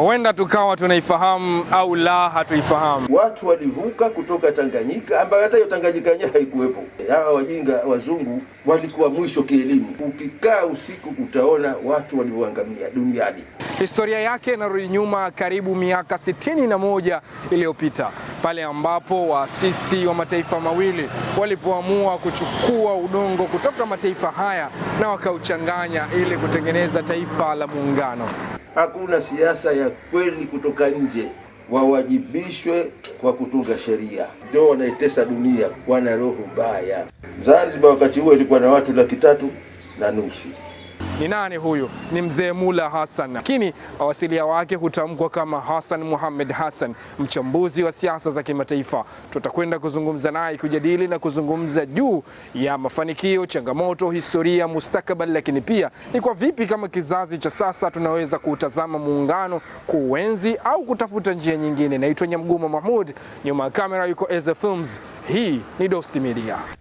huenda tukawa tunaifahamu au la hatuifahamu. Watu walivuka kutoka Tanganyika ambayo hata hiyo Tanganyika yenyewe haikuwepo. Hawa wajinga wazungu walikuwa mwisho kielimu. Ukikaa usiku utaona watu walioangamia duniani. Historia yake inarudi nyuma karibu miaka sitini na moja iliyopita pale ambapo waasisi wa mataifa mawili walipoamua kuchukua udongo kutoka mataifa haya na wakauchanganya ili kutengeneza taifa la muungano hakuna siasa ya kweli kutoka nje, wawajibishwe kwa kutunga sheria. Ndio wanaitesa dunia, wana roho mbaya. Zanzibar wakati huo ilikuwa na watu laki tatu na nusu. Ni nani huyu? Ni mzee Mula Hassan, lakini wawasilia wake hutamkwa kama Hassan Muhammad Hassan, mchambuzi wa siasa za kimataifa. Tutakwenda kuzungumza naye, kujadili na kuzungumza juu ya mafanikio, changamoto, historia, mustakabali, lakini pia ni kwa vipi kama kizazi cha sasa tunaweza kuutazama muungano, kuuenzi au kutafuta njia nyingine. Naitwa Nyamguma Mahmud, nyuma ya kamera yuko Eze Films. Hii ni dost Media.